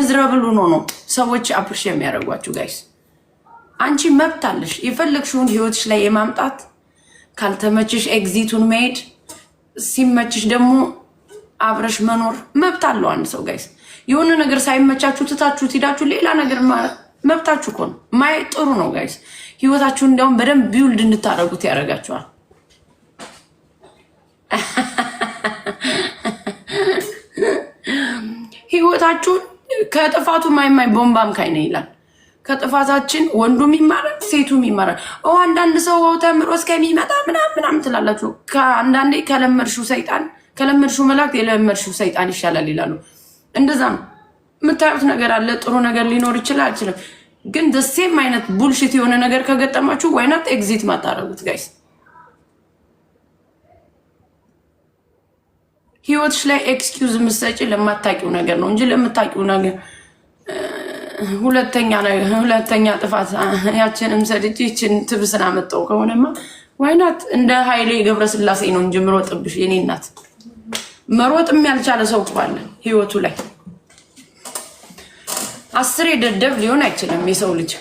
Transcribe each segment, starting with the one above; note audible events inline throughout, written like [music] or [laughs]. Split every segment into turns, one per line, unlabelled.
ምዝረብል ሆኖ ነው ሰዎች አፕሪሽ የሚያደርጓችሁ። ጋይስ አንቺ መብት አለሽ የፈለግሽውን ህይወትሽ ላይ የማምጣት ካልተመችሽ ኤግዚቱን መሄድ ሲመችሽ ደግሞ አብረሽ መኖር መብት አለው አንድ ሰው። ጋይስ የሆነ ነገር ሳይመቻችሁ ትታችሁ ሂዳችሁ ሌላ ነገር መብታችሁ እኮ ነው። ማየት ጥሩ ነው ጋይስ። ህይወታችሁን እንዲያውም በደንብ ቢውልድ እንድታደርጉት ያደርጋችኋል። [laughs] ህይወታችሁን ከጥፋቱ ማይማይ ቦምባም ካይነ ይላል። ከጥፋታችን ወንዱም ይማራል፣ ሴቱም ይማራል። አንዳንድ ሰው ተምሮ እስከሚመጣ ምናም ምናም ትላላችሁ። ከአንዳንዴ ከለመድሹ ሰይጣን ከለመድሹ መላእክት የለመድሹ ሰይጣን ይሻላል ይላሉ። እንደዛ ነው። የምታዩት ነገር አለ። ጥሩ ነገር ሊኖር ይችላል አይችልም። ግን ደሴም አይነት ቡልሽት የሆነ ነገር ከገጠማችሁ ዋይናት ኤግዚት ማታረጉት ጋይስ ህይወትሽ ላይ ኤክስኪውዝ የምትሰጪ ለማታውቂው ነገር ነው እንጂ ለምታውቂው ነገር ሁለተኛ ሁለተኛ ጥፋት ያችንም ሰድጄ ይችን ትብስን አመጣው ከሆነማ ዋይናት እንደ ኃይሌ ገብረስላሴ ነው እንጂ ምሮጥብሽ የኔ እናት መሮጥም ያልቻለ ሰው አለ ህይወቱ ላይ አስሬ ደደብ ሊሆን አይችልም የሰው ልጅ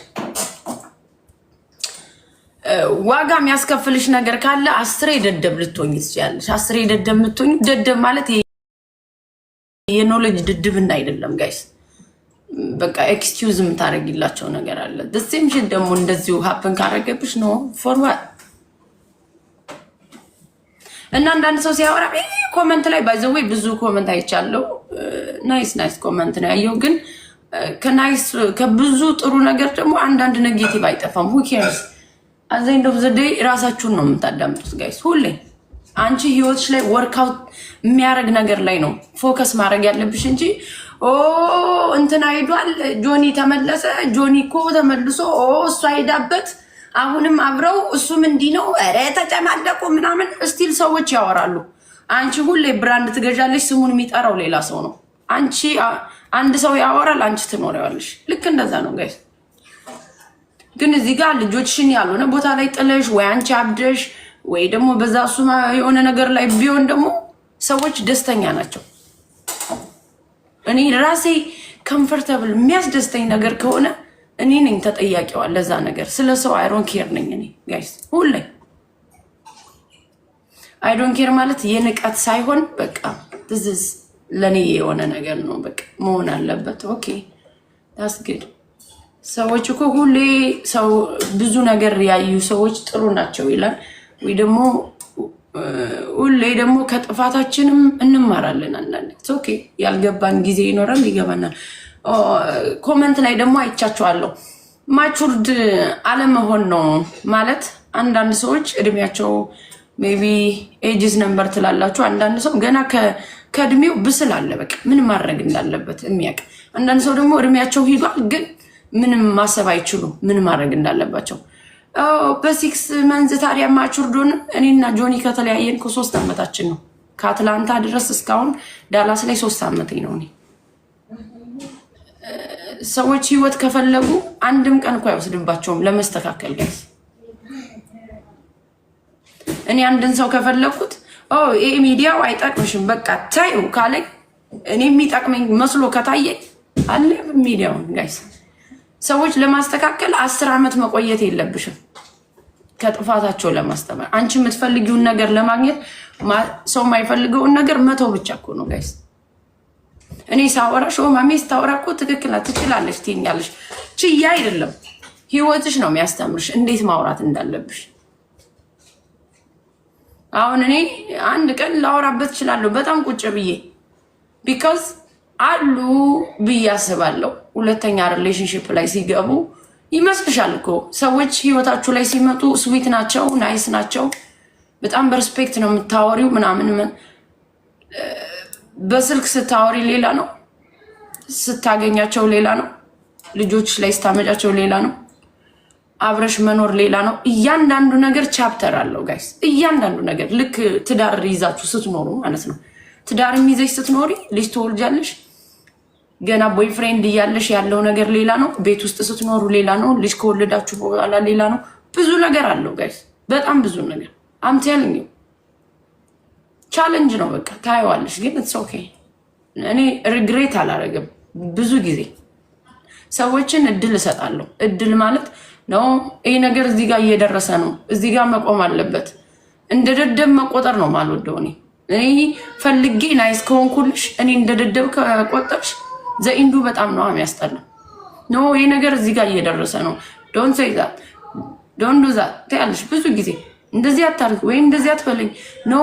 ዋጋ የሚያስከፍልሽ ነገር ካለ አስሬ ደደብ ልትሆኝ ትችላለሽ። አስሬ ደደብ የምትሆኝ ደደብ ማለት የኖሌጅ ድድብና አይደለም ጋይስ። በቃ ኤክስኪውዝ የምታደርጊላቸው ነገር አለ። ደሴም ሽት ደግሞ እንደዚሁ ሀፕን ካረገብሽ ነው ፎርዋርድ እና አንዳንድ ሰው ሲያወራ ኮመንት ላይ ባይዘዌ ብዙ ኮመንት አይቻለው። ናይስ ናይስ ኮመንት ነው ያየው። ግን ከናይስ ከብዙ ጥሩ ነገር ደግሞ አንዳንድ ነጌቲቭ አይጠፋም። ሁኬርስ አዚ ዶፍ ኦፍ ዘ ዴይ ራሳችሁን ነው የምታዳምጡት ጋይስ። ሁሌ አንቺ ህይወትሽ ላይ ወርክአውት የሚያደርግ ነገር ላይ ነው ፎከስ ማድረግ ያለብሽ እንጂ ኦ እንትን አይዷል፣ ጆኒ ተመለሰ፣ ጆኒ ኮ ተመልሶ ኦ እሱ አይዳበት አሁንም አብረው እሱም እንዲህ ነው፣ ኧረ ተጨማለቁ ምናምን እስቲል ሰዎች ያወራሉ። አንቺ ሁሌ ብራንድ ትገዣለሽ፣ ስሙን የሚጠራው ሌላ ሰው ነው። አንቺ አንድ ሰው ያወራል፣ አንቺ ትኖሪዋለሽ። ልክ እንደዛ ነው ጋይስ። ግን እዚህ ጋር ልጆችሽን ያልሆነ ቦታ ላይ ጥለሽ ወይ አንቺ አብደሽ ወይ ደግሞ በዛ እሱማ የሆነ ነገር ላይ ቢሆን ደግሞ ሰዎች ደስተኛ ናቸው። እኔ ራሴ ከምፈርተብል የሚያስደስተኝ ነገር ከሆነ እኔ ነኝ ተጠያቂዋ ለዛ ነገር። ስለ ሰው አይሮን ኬር ነኝ እኔ ጋይስ፣ ሁሌ አይዶን ኬር ማለት የንቀት ሳይሆን በቃ ትዝዝ ለእኔ የሆነ ነገር ነው በቃ መሆን አለበት። ኦኬ ዳስ ግድ ሰዎች እኮ ሁሌ ሰው ብዙ ነገር ያዩ ሰዎች ጥሩ ናቸው ይላል። ወይ ደግሞ ሁሌ ደግሞ ከጥፋታችንም እንማራለን። አንዳንዴ ኦኬ ያልገባን ጊዜ ይኖራል፣ ይገባናል። ኮመንት ላይ ደግሞ አይቻችኋለሁ። ማቹርድ አለመሆን ነው ማለት አንዳንድ ሰዎች እድሜያቸው ቢ ኤጅስ ነንበር ትላላችሁ። አንዳንድ ሰው ገና ከእድሜው ብስል አለ፣ በቃ ምን ማድረግ እንዳለበት የሚያውቅ። አንዳንድ ሰው ደግሞ እድሜያቸው ሂዷል ግን ምንም ማሰብ አይችሉ ምን ማድረግ እንዳለባቸው። በሲክስ መንዝ ታዲያ ማቹርዶን እኔና ጆኒ ከተለያየን ከሶስት ዓመታችን ነው። ከአትላንታ ድረስ እስካሁን ዳላስ ላይ ሶስት ዓመቴ ነው። እኔ ሰዎች ህይወት ከፈለጉ አንድም ቀን እኮ አይወስድባቸውም ለመስተካከል ጋይስ። እኔ አንድን ሰው ከፈለግኩት ይሄ ሚዲያው አይጠቅምሽም በቃ ታዩ ካለኝ እኔ የሚጠቅመኝ መስሎ ከታየኝ አለ ሚዲያውን ጋይስ ሰዎች ለማስተካከል አስር ዓመት መቆየት የለብሽም። ከጥፋታቸው ለማስተማር አንቺ የምትፈልጊውን ነገር ለማግኘት ሰው የማይፈልገውን ነገር መቶ ብቻ እኮ ነው ጋይስ። እኔ ሳወራ ማሜ ስታወራ እኮ ትክክል ትችላለች ትኛለች ችያ አይደለም ህይወትሽ ነው የሚያስተምርሽ እንዴት ማውራት እንዳለብሽ። አሁን እኔ አንድ ቀን ላወራበት እችላለሁ በጣም ቁጭ ብዬ ቢካዝ አሉ ብዬ አስባለሁ። ሁለተኛ ሪሌሽንሽፕ ላይ ሲገቡ ይመስልሻል እኮ ሰዎች ህይወታችሁ ላይ ሲመጡ ስዊት ናቸው፣ ናይስ ናቸው፣ በጣም በሪስፔክት ነው የምታወሪው ምናምን። በስልክ ስታወሪ ሌላ ነው፣ ስታገኛቸው ሌላ ነው፣ ልጆች ላይ ስታመጫቸው ሌላ ነው፣ አብረሽ መኖር ሌላ ነው። እያንዳንዱ ነገር ቻፕተር አለው ጋይስ፣ እያንዳንዱ ነገር ልክ ትዳር ይዛችሁ ስትኖሩ ማለት ነው። ትዳር ይዘሽ ስትኖሪ ልጅ ትወልጃለሽ ገና ቦይፍሬንድ እያለሽ ያለው ነገር ሌላ ነው። ቤት ውስጥ ስትኖሩ ሌላ ነው። ልጅ ከወለዳችሁ በኋላ ሌላ ነው። ብዙ ነገር አለው ጋይስ፣ በጣም ብዙ ነገር አምትያል ቻለንጅ ነው። በቃ ታየዋለሽ። ግን ኦኬ እኔ ሪግሬት አላረግም። ብዙ ጊዜ ሰዎችን እድል እሰጣለሁ። እድል ማለት ነው ይህ ነገር እዚህ ጋር እየደረሰ ነው፣ እዚህ ጋር መቆም አለበት። እንደ ደደብ መቆጠር ነው ማልወደው እኔ እኔ ፈልጌ ናይስ ከሆንኩልሽ እኔ እንደ ደደብ ከቆጠርሽ ዘኢንዱ በጣም ነው የሚያስጠላ። ኖ ይሄ ነገር እዚህ ጋር እየደረሰ ነው። ዶን ሰይ ዛት ዶን ዱ ዛት ትያለሽ ብዙ ጊዜ እንደዚህ አታርግ ወይም እንደዚህ አትበለኝ። ኖ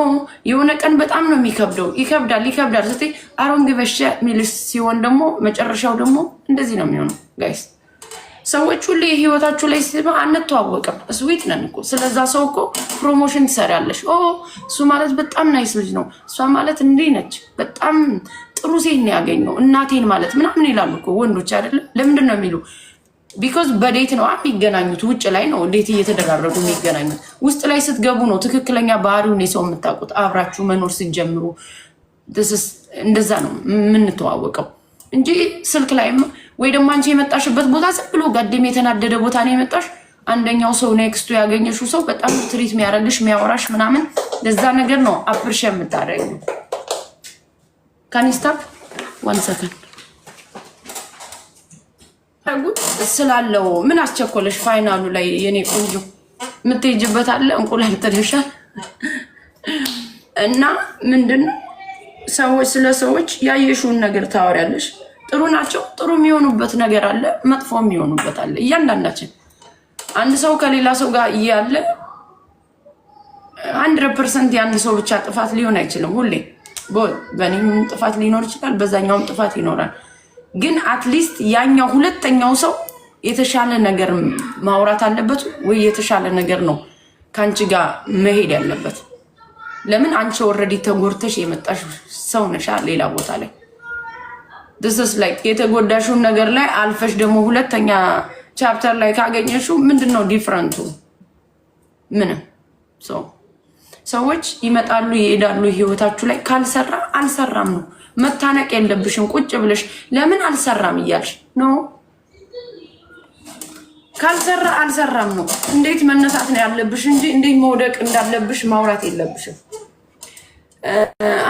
የሆነ ቀን በጣም ነው የሚከብደው። ይከብዳል ይከብዳል ስ አሮንግ በሻ ሚልስ ሲሆን ደግሞ መጨረሻው ደግሞ እንደዚህ ነው የሚሆነው። ጋይስ ሰዎች ሁሌ ህይወታችሁ ላይ ሲባ አንተዋወቅም። ስዊት ነን እኮ ስለዛ ሰው እኮ ፕሮሞሽን ትሰሪያለሽ። ኦ እሱ ማለት በጣም ናይስ ልጅ ነው፣ እሷ ማለት እንዲህ ነች፣ በጣም ጥሩ ሴት ነው ያገኘው እናቴን ማለት ምናምን ይላሉ እኮ ወንዶች አይደለም። ለምንድን ነው የሚሉ? ቢኮዝ በዴት ነው የሚገናኙት። ውጭ ላይ ነው ዴት እየተደራረጉ የሚገናኙት። ውስጥ ላይ ስትገቡ ነው ትክክለኛ ባህሪውን የሰው የምታውቁት። አብራችሁ መኖር ስትጀምሩ እንደዛ ነው የምንተዋወቀው እንጂ ስልክ ላይ ወይ ደግሞ አንቺ የመጣሽበት ቦታ ዝም ብሎ ጋደም የተናደደ ቦታ ነው የመጣሽ። አንደኛው ሰው ኔክስቱ ያገኘሽው ሰው በጣም ትሪት የሚያደርግሽ የሚያወራሽ ምናምን ለዛ ነገር ነው አፕርሽ የምታደርጊው። ካን ዋን ሰከንድ ስላለው ምን አስቸኮለሽ? ፋይናሉ ላይ የኔ ቆንጆ የምትሄጅበት አለ። እንቁላል ጥልሻል እና ምንድን ሰዎች ስለ ሰዎች ያየሽውን ነገር ታወሪያለሽ። ጥሩ ናቸው ጥሩ የሚሆኑበት ነገር አለ፣ መጥፎ የሚሆኑበት አለ። እያንዳንዳችን አንድ ሰው ከሌላ ሰው ጋር እያለ አንድ ፐርሰንት የአንድ ሰው ብቻ ጥፋት ሊሆን አይችልም ሁሌ በእኔም ጥፋት ሊኖር ይችላል፣ በዛኛውም ጥፋት ይኖራል። ግን አትሊስት ያኛው ሁለተኛው ሰው የተሻለ ነገር ማውራት አለበት ወይ የተሻለ ነገር ነው ከአንቺ ጋር መሄድ ያለበት። ለምን አንቺ ኦልሬዲ ተጎድተሽ የመጣሽ ሰው ነሻ። ሌላ ቦታ ላይ ስ ላይ የተጎዳሽውን ነገር ላይ አልፈሽ ደግሞ ሁለተኛ ቻፕተር ላይ ካገኘሽው ምንድን ነው ዲፍረንቱ? ምንም ሰዎች ይመጣሉ ይሄዳሉ፣ ህይወታችሁ ላይ ካልሰራ አልሰራም ነው። መታነቅ የለብሽም። ቁጭ ብለሽ ለምን አልሰራም እያልሽ ነው። ካልሰራ አልሰራም ነው። እንዴት መነሳት ነው ያለብሽ እንጂ እንዴት መውደቅ እንዳለብሽ ማውራት የለብሽም።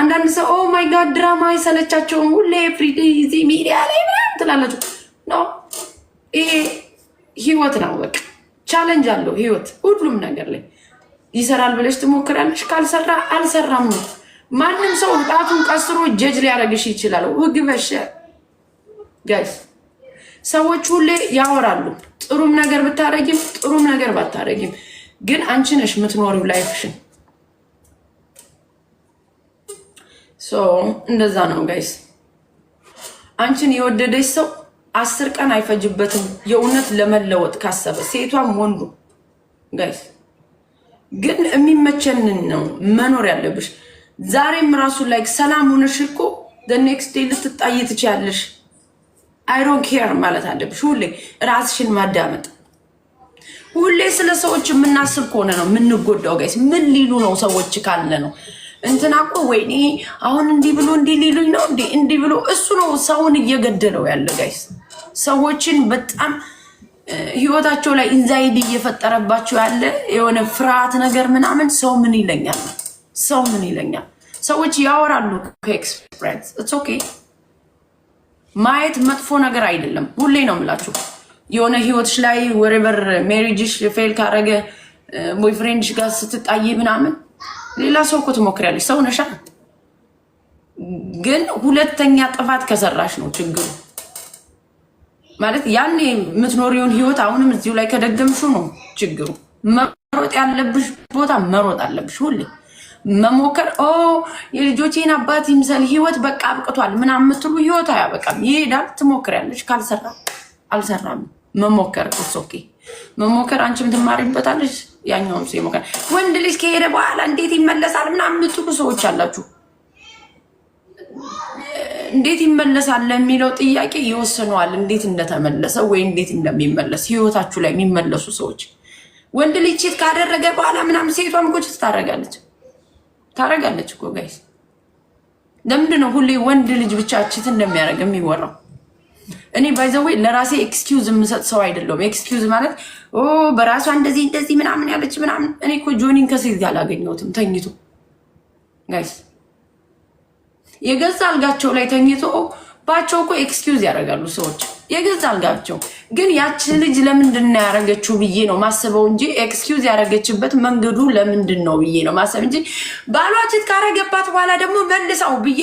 አንዳንድ ሰው ኦ ማይ ጋድ ድራማ የሰለቻቸውን ሁሌ ፍሪዲ እዚህ ሚዲያ ላይ ምናምን ትላለች ነው። ይሄ ህይወት ነው። በቃ ቻለንጅ አለው ህይወት ሁሉም ነገር ላይ ይሰራል ብለሽ ትሞክራለሽ። ካልሰራ አልሰራም ነው። ማንም ሰው ጣቱን ቀስሮ ጀጅ ሊያደርግሽ ይችላል። ህግ በሸ ጋይስ፣ ሰዎች ሁሌ ያወራሉ። ጥሩም ነገር ብታረጊም ጥሩም ነገር ባታረጊም፣ ግን አንቺ ነሽ የምትኖሪው ላይፍሽን። እንደዛ ነው ጋይስ። አንቺን የወደደች ሰው አስር ቀን አይፈጅበትም የእውነት ለመለወጥ ካሰበ ሴቷም ወንዱ ጋይስ ግን የሚመቸንን ነው መኖር ያለብሽ። ዛሬም ራሱ ላይ ሰላም ሆነሽ እኮ ኔክስት ዴይ ልትጣይ ትችያለሽ። አይሮን ኬር ማለት አለብሽ። ሁሌ ራስሽን ማዳመጥ። ሁሌ ስለ ሰዎች የምናስብ ከሆነ ነው የምንጎዳው። ጋይስ ምን ሊሉ ነው ሰዎች ካለ ነው እንትና እኮ ወይኔ አሁን እንዲህ ብሎ እንዲህ ሊሉኝ ነው እንዲህ ብሎ እሱ ነው ሰውን እየገደለው ያለ ጋይስ ሰዎችን በጣም ህይወታቸው ላይ ኢንዛይድ እየፈጠረባቸው ያለ የሆነ ፍርሃት ነገር ምናምን ሰው ምን ይለኛል፣ ሰው ምን ይለኛል። ሰዎች ያወራሉ ከኤክስፕሪንስ ኢትስ ኦኬ። ማየት መጥፎ ነገር አይደለም። ሁሌ ነው የምላችሁ የሆነ ህይወትሽ ላይ ወሬቨር ሜሪጅሽ ፌል ካረገ ቦይፍሬንድሽ ጋር ስትጣይ ምናምን ሌላ ሰው እኮ ትሞክሪያለሽ። ሰው ነሻ። ግን ሁለተኛ ጥፋት ከሰራሽ ነው ችግሩ። ማለት ያኔ የምትኖሪውን ህይወት አሁንም እዚሁ ላይ ከደገምሹ ነው ችግሩ። መሮጥ ያለብሽ ቦታ መሮጥ አለብሽ። ሁሌ መሞከር ኦ የልጆቼን አባት ይምሰል ህይወት በቃ አብቅቷል ምናምን የምትሉ ህይወት አያበቃም፣ ይሄዳል። ትሞክሪያለሽ። ካልሰራ አልሰራም መሞከር ኦኬ፣ መሞከር አንቺም ትማሪበታለሽ፣ ያኛውም ሰው ይሞከር። ወንድ ልጅ ከሄደ በኋላ እንዴት ይመለሳል ምናምን የምትሉ ሰዎች አላችሁ። እንዴት ይመለሳል ለሚለው ጥያቄ ይወስነዋል፣ እንዴት እንደተመለሰ ወይ እንዴት እንደሚመለስ ህይወታችሁ ላይ የሚመለሱ ሰዎች። ወንድ ልጅ ቺት ካደረገ በኋላ ምናምን ሴቷም እኮ ቺት ታደርጋለች ታደርጋለች እኮ ጋይስ። ለምንድን ነው ሁሌ ወንድ ልጅ ብቻ ቺት እንደሚያደርግ የሚወራው? እኔ ባይዘዌ ለራሴ ኤክስኪውዝ የምሰጥ ሰው አይደለሁም። ኤክስኪውዝ ማለት በራሷ እንደዚህ እንደዚህ ምናምን ያለች ምናምን። እኔ እኮ ጆኒን ከሴት ጋር አላገኘሁትም ተኝቶ ጋይስ የገዛ አልጋቸው ላይ ተኝቶ ባቸው እኮ ኤክስኪውዝ ያደርጋሉ ሰዎች። የገዛ አልጋቸው ግን ያች ልጅ ለምንድን ነው ያደረገችው ብዬ ነው ማስበው እንጂ ኤክስኪውዝ ያደረገችበት መንገዱ ለምንድን ነው ብዬ ነው ማሰብ እንጂ ባሏችት ካረገባት በኋላ ደግሞ መልሰው ብዬ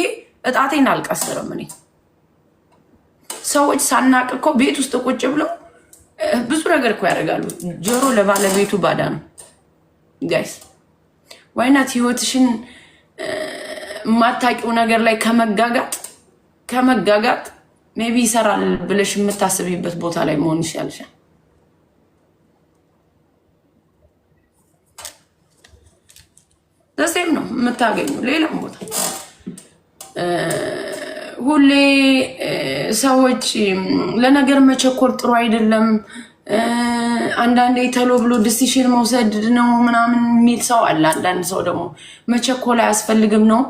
እጣቴን አልቀስርም። እኔ ሰዎች ሳናቅ እኮ ቤት ውስጥ ቁጭ ብለው ብዙ ነገር እኮ ያደርጋሉ። ጆሮ ለባለቤቱ ባዳ ነው ጋይስ። ዋይናት ህይወትሽን የማታውቂው ነገር ላይ ከመጋጋጥ ከመጋጋጥ ቢ ይሰራል ብለሽ የምታስብበት ቦታ ላይ መሆን ይሻልሻል። ዘሴም ነው የምታገኙ ሌላም ቦታ ሁሌ ሰዎች ለነገር መቸኮር ጥሩ አይደለም። አንዳንዴ ተሎ ብሎ ዲሲሽን መውሰድ ነው ምናምን የሚል ሰው አለ። አንዳንድ ሰው ደግሞ መቸኮል አያስፈልግም ነው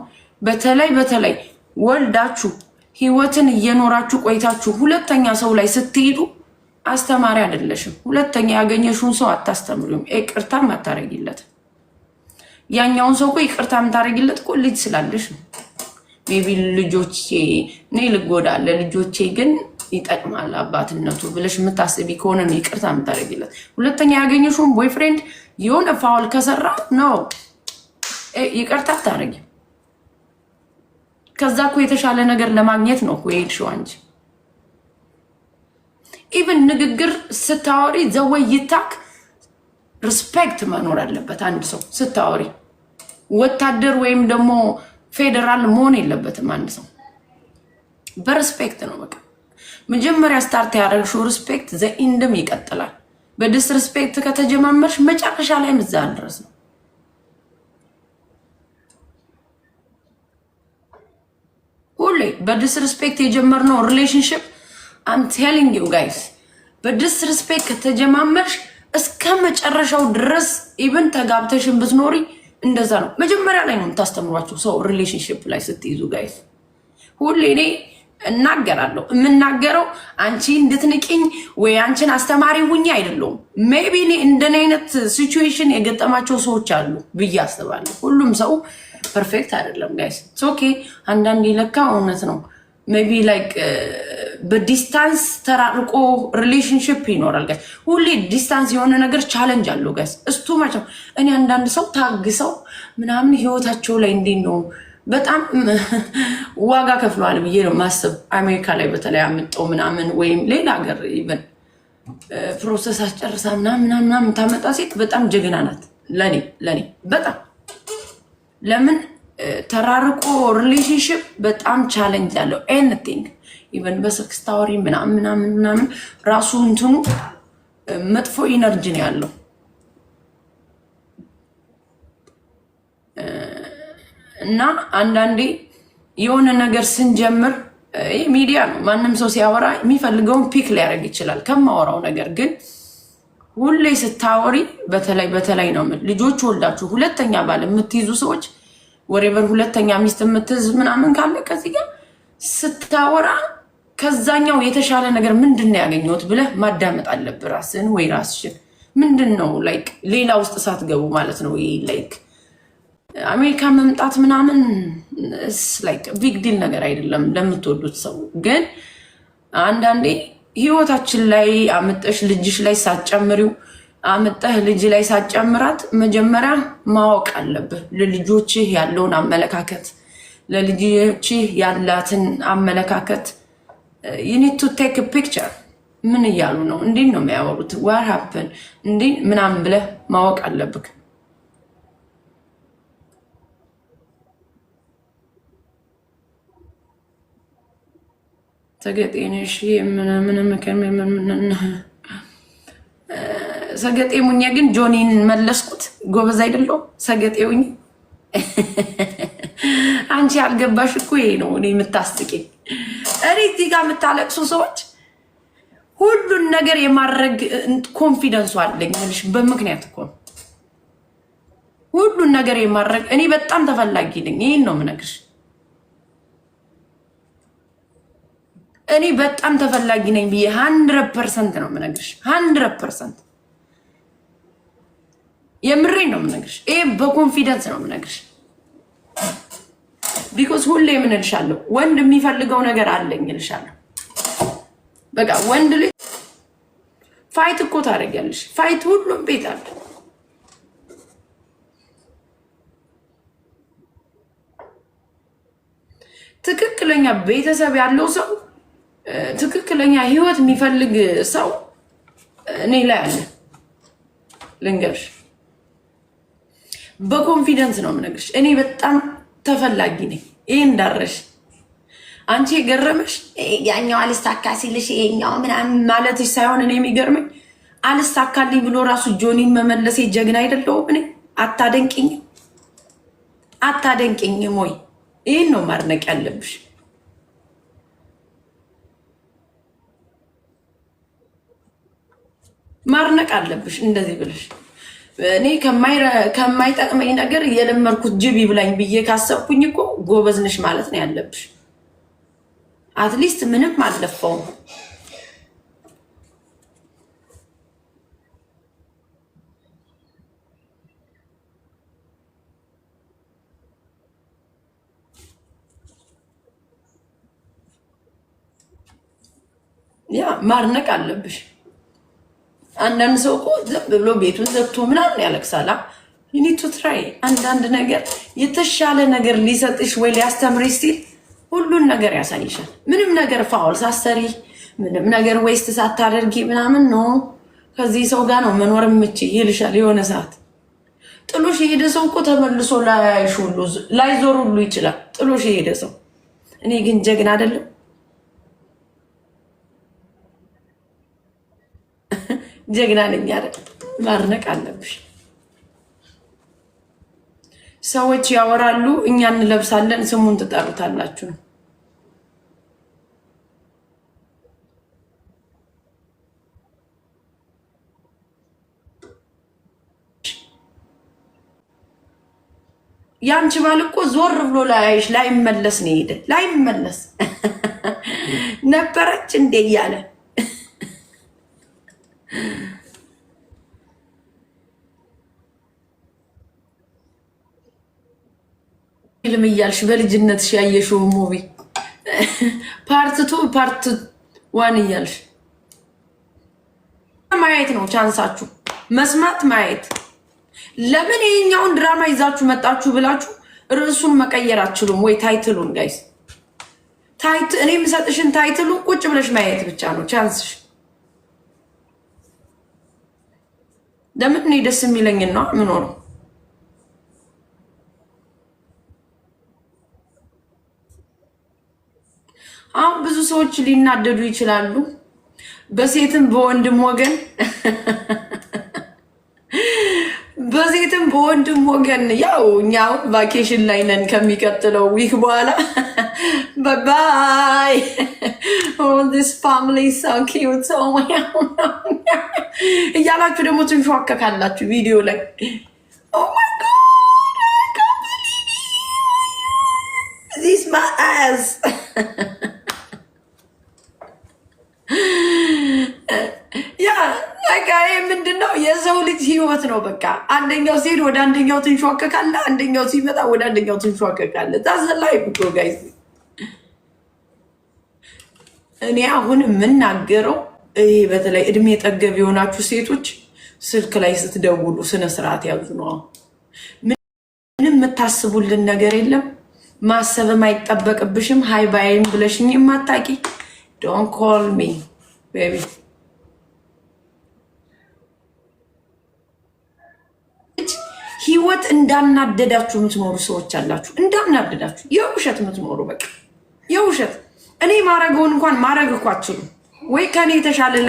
በተለይ በተለይ ወልዳችሁ ህይወትን እየኖራችሁ ቆይታችሁ ሁለተኛ ሰው ላይ ስትሄዱ አስተማሪ አይደለሽም። ሁለተኛ ያገኘሽውን ሰው አታስተምሪውም፣ ይቅርታም አታረጊለት። ያኛውን ሰው እኮ ይቅርታ የምታረጊለት እኮ ልጅ ስላለሽ ነው። ሜቢ ልጆቼ እኔ ልጎዳ ለልጆቼ ግን ይጠቅማል አባትነቱ ብለሽ የምታስቢ ከሆነ ነው ይቅርታ የምታደርግለት። ሁለተኛ ያገኘሽውን ቦይፍሬንድ የሆነ ፋውል ከሰራ ነው ይቅርታ አታደርጊም። ከዛ እኮ የተሻለ ነገር ለማግኘት ነው እኮ የሄድሽው አንቺ። ኢቭን ንግግር ስታወሪ ዘወይ ይታክ ሪስፔክት መኖር አለበት። አንድ ሰው ስታወሪ ወታደር ወይም ደግሞ ፌዴራል መሆን የለበትም። አንድ ሰው በሪስፔክት ነው በቃ መጀመሪያ ስታርት ያደረግሽው ሪስፔክት ዘኢንድም ይቀጥላል። በዲስሪስፔክት ከተጀማመርሽ መጨረሻ ላይ ምዛ አልደረስ ነው። በዲስሪስፔክት የጀመርነው ሪሌሽንሽፕ አም ቴሊንግ ዩ ጋይስ በዲስሪስፔክት ከተጀማመርሽ እስከ መጨረሻው ድረስ ኢቨን ተጋብተሽን ብትኖሪ እንደዛ ነው። መጀመሪያ ላይ ነው የምታስተምሯቸው ሰው ሪሌሽንሽፕ ላይ ስትይዙ ጋይስ ሁሌ እኔ እናገራለሁ። የምናገረው አንቺ እንድትንቅኝ ወይ አንቺን አስተማሪ ሁኝ አይደለውም። ሜቢ እንደኔ አይነት ሲቹዌሽን የገጠማቸው ሰዎች አሉ ብዬ አስባለሁ። ሁሉም ሰው ፐርፌክት አይደለም ጋይስ። ኦኬ አንዳንድ ይለካ እውነት ነው። ሜቢ ላይክ uh, በዲስታንስ ተራርቆ ሪሌሽንሽፕ ይኖራል ጋይስ። ሁሌ ዲስታንስ የሆነ ነገር ቻለንጅ አለው ጋይስ። እስቱ ማቸው እኔ አንዳንድ ሰው ታግሰው ምናምን ህይወታቸው ላይ እንዴት ነው በጣም [laughs] ዋጋ ከፍለዋል ብዬ ነው ማሰብ። አሜሪካ ላይ በተለይ አምጠው ምናምን ወይም ሌላ ሀገር ይበል ፕሮሰስ አስጨርሳ ምናምናምና ታመጣ ሴት በጣም ጀግና ናት። ለኔ ለኔ በጣም ለምን ተራርቆ ሪሌሽንሽፕ በጣም ቻለንጅ ያለው ኤኒቲንግ ኢቨን በስልክ ስታወሪ ምናምን ምናምን ምናምን ራሱ እንትኑ መጥፎ ኢነርጂ ነው ያለው። እና አንዳንዴ የሆነ ነገር ስንጀምር ይህ ሚዲያ ነው። ማንም ሰው ሲያወራ የሚፈልገውን ፒክ ሊያደርግ ይችላል ከማወራው ነገር ግን ሁሌ ስታወሪ በተለይ በተለይ ነው ልጆች ወልዳችሁ ሁለተኛ ባል የምትይዙ ሰዎች ወሬቨር ሁለተኛ ሚስት የምትይዝ ምናምን ካለ ከዚህ ጋር ስታወራ ከዛኛው የተሻለ ነገር ምንድን ነው ያገኘሁት ብለህ ማዳመጥ አለብህ ራስን ወይ ራስሽን። ምንድን ነው ላይክ ሌላ ውስጥ ሳትገቡ ማለት ነው ይህ ላይክ አሜሪካ መምጣት ምናምን ቢግ ዲል ነገር አይደለም ለምትወዱት ሰው። ግን አንዳንዴ ህይወታችን ላይ አምጠሽ ልጅሽ ላይ ሳትጨምሪው አምጠህ ልጅ ላይ ሳትጨምራት መጀመሪያ ማወቅ አለብህ ለልጆችህ ያለውን አመለካከት ለልጆችህ ያላትን አመለካከት ዩኒቱ ቴክ ፒክቸር ምን እያሉ ነው? እንዴት ነው የሚያወሩት? ዋር ሀፕን እንዴ ምናምን ብለህ ማወቅ አለብህ። ሰገጤን እሺ ምን ምንም ሰገጤ ሙኛ ግን ጆኒን መለስኩት። ጎበዝ አይደለው ሰገጤ ሙኝ። አንቺ ያልገባሽ እኮ ይሄ ነው። እኔ የምታስቂኝ እኔ እዚህ ጋር የምታለቅሱ ሰዎች ሁሉን ነገር የማድረግ ኮንፊደንሱ አለኝ ልሽ በምክንያት እኮ ሁሉን ነገር የማድረግ እኔ በጣም ተፈላጊ ነኝ። ይህን ነው የምነግርሽ። እኔ በጣም ተፈላጊ ነኝ ብዬ ሀንድረድ ፐርሰንት ነው የምነግርሽ። ሀንድረድ ፐርሰንት የምሬ ነው የምነግርሽ። ይሄ በኮንፊደንስ ነው የምነግርሽ። ቢኮዝ ሁሌ ምን እልሻለሁ፣ ወንድ የሚፈልገው ነገር አለኝ እልሻለሁ። በቃ ወንድ ልጅ ፋይት እኮ ታደርጊያለሽ። ፋይት ሁሉም ቤት አለ። ትክክለኛ ቤተሰብ ያለው ሰው ትክክለኛ ህይወት የሚፈልግ ሰው እኔ ላይ አለ። ልንገርሽ፣ በኮንፊደንስ ነው የምነግርሽ። እኔ በጣም ተፈላጊ ነኝ። ይህ እንዳረሽ አንቺ የገረመሽ ያኛው አልሳካ ሲልሽ ይሄኛው ምናምን ማለትሽ ሳይሆን እኔ የሚገርመኝ አልሳካልኝ ብሎ ራሱ ጆኒን መመለሴ ጀግና አይደለሁም እኔ? አታደንቅኝም? አታደንቅኝም ወይ? ይህን ነው ማድነቅ ያለብሽ። ማርነቅ አለብሽ እንደዚህ ብለሽ እኔ ከማይጠቅመኝ ነገር የለመርኩት ጅብ ይብላኝ ብዬ ካሰብኩኝ እኮ ጎበዝ ነሽ ማለት ነው ያለብሽ። አትሊስት ምንም አለፈው? ያ ማርነቅ አለብሽ። አንዳንድ ሰው እኮ ዝም ብሎ ቤቱን ዘግቶ ምናምን ያለቅሳል። ዩኒቱ ትራይ አንዳንድ ነገር የተሻለ ነገር ሊሰጥሽ ወይ ሊያስተምርሽ ሲል ሁሉን ነገር ያሳይሻል። ምንም ነገር ፋውል ሳሰሪ፣ ምንም ነገር ዌስት ሳታደርጊ ምናምን ነው ከዚህ ሰው ጋር ነው መኖር ምች ይልሻል። የሆነ ሰዓት ጥሎሽ የሄደ ሰው እኮ ተመልሶ ላይሽ ሁሉ ላይዞር ሁሉ ይችላል። ጥሎሽ የሄደ ሰው እኔ ግን ጀግና አይደለም ጀግና ነኝ አይደል? ማድነቅ አለብሽ። ሰዎች ያወራሉ፣ እኛ እንለብሳለን። ስሙን ትጠሩታላችሁ። ያንቺ ባል እኮ ዞር ብሎ ላይሽ ላይመለስ ነው የሄደ ላይመለስ [laughs] ነበረች እንዴ እያለን ፊልም እያልሽ በልጅነትሽ ያየሽው ሙቪ ፓርት ቱ ፓርት ዋን እያልሽ ማየት ነው ቻንሳችሁ፣ መስማት ማየት። ለምን ይሄኛውን ድራማ ይዛችሁ መጣችሁ ብላችሁ ርዕሱን መቀየር አችሉም ወይ? ታይትሉን ጋይስ፣ እኔ የምሰጥሽን ታይትሉ ቁጭ ብለሽ ማየት ብቻ ነው ቻንስሽ። ለምን እኔ ደስ የሚለኝን ነው የምኖረው። አሁን ብዙ ሰዎች ሊናደዱ ይችላሉ፣ በሴትም በወንድም ወገን [laughs] በሴትም በወንድም ወገን። ያው እኛ አሁን ቫኬሽን ላይ ነን። ከሚቀጥለው ዊክ በኋላ [laughs] bye bye. [laughs] Oh, this family is so cute. Oh my god. yeah, like for the motor shock, I can that video like, oh my god, I can't believe it. This is my ass. ያ በቃ ይህ ምንድን ነው? የሰው ልጅ ህይወት ነው። በቃ አንደኛው ሲሄድ ወደ አንደኛው ትንሸዋከካለ፣ አንደኛው ሲመጣ ወደ አንደኛው ትንሸዋከካለ። ታስ ላይፍ እኮ ጋይስ እኔ አሁን የምናገረው ይሄ በተለይ እድሜ ጠገብ የሆናችሁ ሴቶች ስልክ ላይ ስትደውሉ ስነ ስርዓት ያዙ ነው። ምንም የምታስቡልን ነገር የለም። ማሰብም አይጠበቅብሽም። ሀይ ባይም ብለሽኝ የማታቂ ዶን ኮል ሚ ቤቢ ህይወት እንዳናደዳችሁ የምትኖሩ ሰዎች አላችሁ። እንዳናደዳችሁ የውሸት የምትኖሩ በቃ የውሸት እኔ ማድረገውን እንኳን ማድረግ እኮ ወይ ከእኔ የተሻለ